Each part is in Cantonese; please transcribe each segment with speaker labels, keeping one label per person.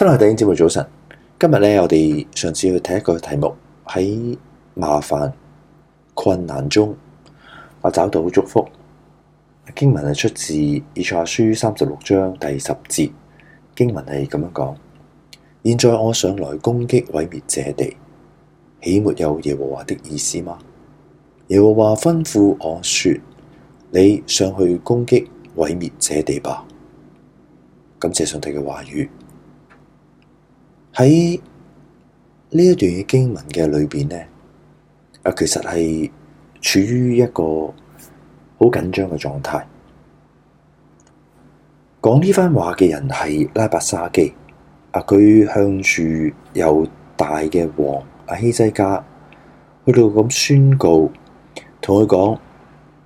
Speaker 1: 親愛弟兄姊妹，早晨。今日咧，我哋上次去睇一個題目喺麻煩困難中，我找到祝福。經文係出自以賽亞書三十六章第十節。經文係咁樣講：現在我上來攻擊毀滅這地，豈沒有耶和華的意思嗎？耶和華吩咐我說：你上去攻擊毀滅這地吧。感謝上帝嘅話語。喺呢一段嘅經文嘅裏邊呢，啊，其實係處於一個好緊張嘅狀態。講呢番話嘅人係拉伯沙基，啊，佢向住猶大嘅王阿、啊、希西家去到咁宣告，同佢講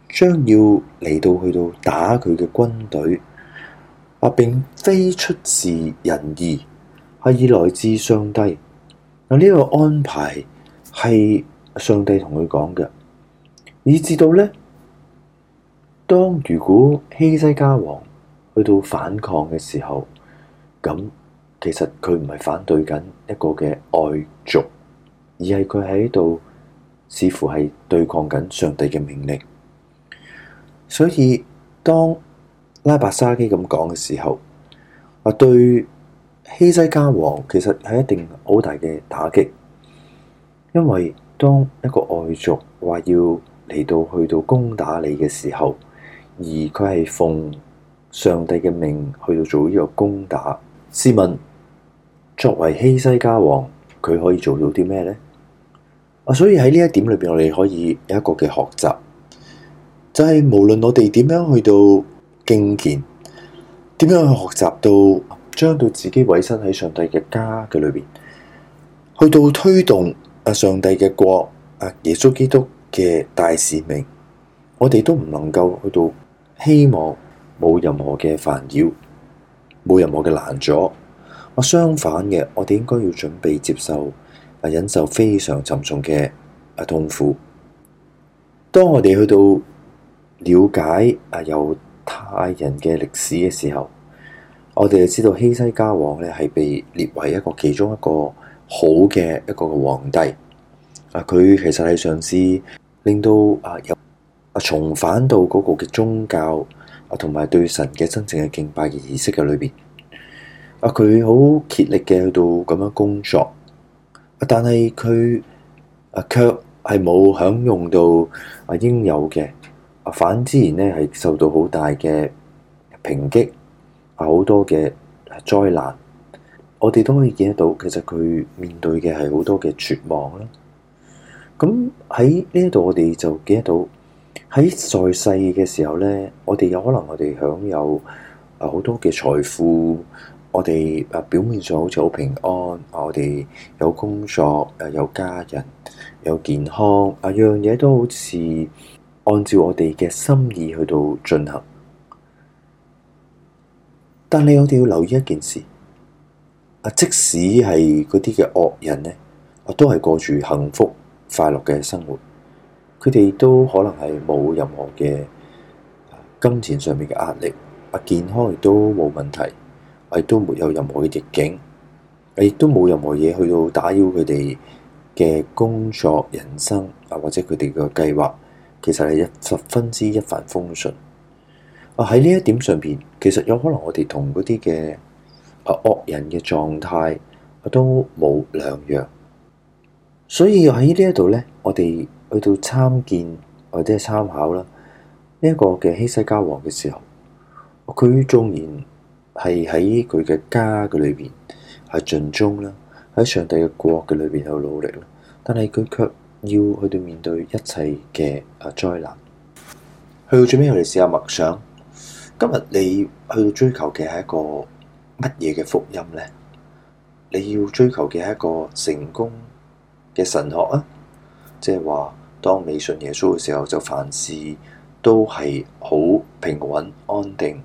Speaker 1: 將要嚟到去到打佢嘅軍隊，啊，並非出自人意。.係以來自上帝，嗱、這、呢個安排係上帝同佢講嘅，以至到咧，當如果希西家王去到反抗嘅時候，咁其實佢唔係反對緊一個嘅外族，而係佢喺度似乎係對抗緊上帝嘅命令。所以當拉伯沙基咁講嘅時候，話對。希西家王其實係一定好大嘅打擊，因為當一個外族話要嚟到去到攻打你嘅時候，而佢係奉上帝嘅命去到做呢個攻打。試問，作為希西家王，佢可以做到啲咩呢？啊，所以喺呢一點裏邊，我哋可以有一個嘅學習，就係、是、無論我哋點樣去到敬虔，點樣去學習到。將到自己委身喺上帝嘅家嘅裏邊，去到推動啊上帝嘅國啊耶穌基督嘅大使命，我哋都唔能夠去到希望冇任何嘅煩擾，冇任何嘅攔阻。啊，相反嘅，我哋應該要準備接受啊忍受非常沉重嘅啊痛苦。當我哋去到了解啊猶太人嘅歷史嘅時候，我哋就知道希西，西家王咧，係被列為一個其中一個好嘅一個皇帝。啊，佢其實係嘗試令到啊，有啊，重返到嗰個嘅宗教啊，同埋對神嘅真正嘅敬拜嘅儀式嘅裏邊。啊，佢好、啊、竭力嘅去到咁樣工作。啊，但係佢啊，卻係冇享用到啊應有嘅啊，反之然咧係受到好大嘅抨擊。好多嘅災難，我哋都可以見得到。其實佢面對嘅係好多嘅絕望啦。咁喺呢度，我哋就見得到喺在世嘅時候呢，我哋有可能我哋享有啊好多嘅財富，我哋啊表面上好似好平安，我哋有工作，又有家人，有健康，各樣嘢都好似按照我哋嘅心意去到進行。但你我哋要留意一件事，即使係嗰啲嘅惡人呢，啊，都係過住幸福快樂嘅生活，佢哋都可能係冇任何嘅金錢上面嘅壓力，啊，健康亦都冇問題，亦都沒有任何嘅逆境，亦都冇任何嘢去到打擾佢哋嘅工作、人生啊，或者佢哋嘅計劃，其實係十分之一帆風順。啊！喺呢一點上邊，其實有可能我哋同嗰啲嘅啊惡人嘅狀態都冇兩樣，所以喺呢一度咧，我哋去到參見或者係參考啦呢一個嘅希西家王嘅時候，佢縱然係喺佢嘅家嘅裏邊係盡忠啦，喺上帝嘅國嘅裏邊有努力啦，但係佢卻要去到面對一切嘅啊災難，去到最尾我哋試下默想。今日你去追求嘅係一個乜嘢嘅福音咧？你要追求嘅係一個成功嘅神學啊！即係話，當你信耶穌嘅時候，就凡事都係好平穩安定。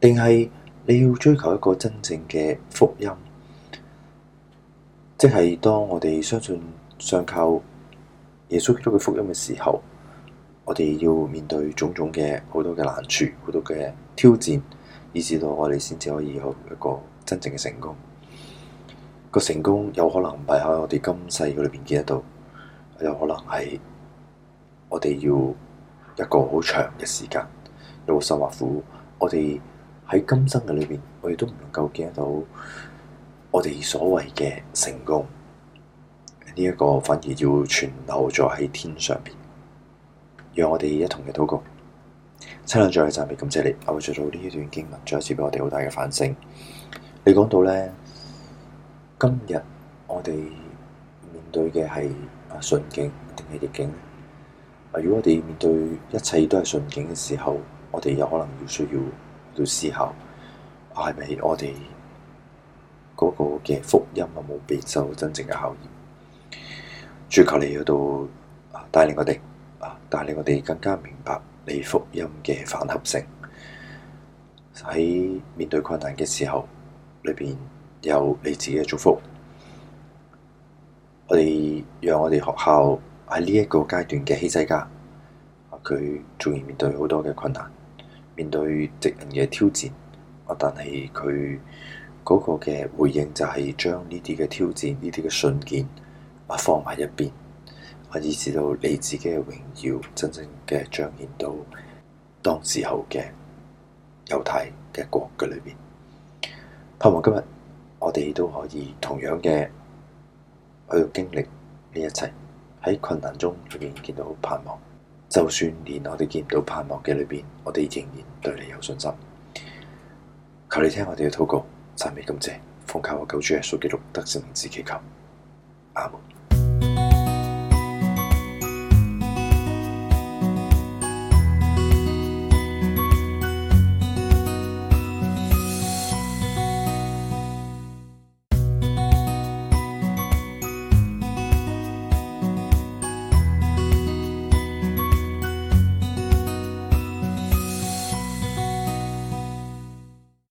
Speaker 1: 定係你要追求一個真正嘅福音，即係當我哋相信、信靠耶穌基督嘅福音嘅時候。我哋要面對種種嘅好多嘅難處，好多嘅挑戰，以至到我哋先至可以有一個真正嘅成功。個成功有可能唔係喺我哋今世嘅裏邊見得到，有可能係我哋要一個好長嘅時間，老受或苦。我哋喺今生嘅裏邊，我哋都唔能夠見得到我哋所謂嘅成功。呢、這、一個反而要存留咗喺天上邊。讓我哋一同嘅禱告，親愛再嚟讚美，感謝你，我會再讀呢一段經文，再次畀我哋好大嘅反省。你講到咧，今日我哋面對嘅係順境定係逆境？如果我哋面對一切都係順境嘅時候，我哋有可能要需要去思考，係、啊、咪我哋嗰個嘅福音有冇備受真正嘅考驗？祈求你，要到帶領我哋。啊！帶領我哋更加明白你福音嘅反合性。喺面對困難嘅時候，裏邊有你自己嘅祝福。我哋讓我哋學校喺呢一個階段嘅希西家，佢仲要面對好多嘅困難，面對敵人嘅挑戰。啊！但係佢嗰個嘅回應就係將呢啲嘅挑戰、呢啲嘅信件啊放喺一邊。可以知道你自己嘅榮耀真正嘅彰顯到當時候嘅猶太嘅國嘅裏邊。盼望今日我哋都可以同樣嘅去經歷呢一切，喺困難中裏邊見到盼望。就算連我哋見唔到盼望嘅裏邊，我哋仍然對你有信心。求你聽我哋嘅禱告，讚美感謝，奉靠我救主耶穌基督得勝自己求。阿門。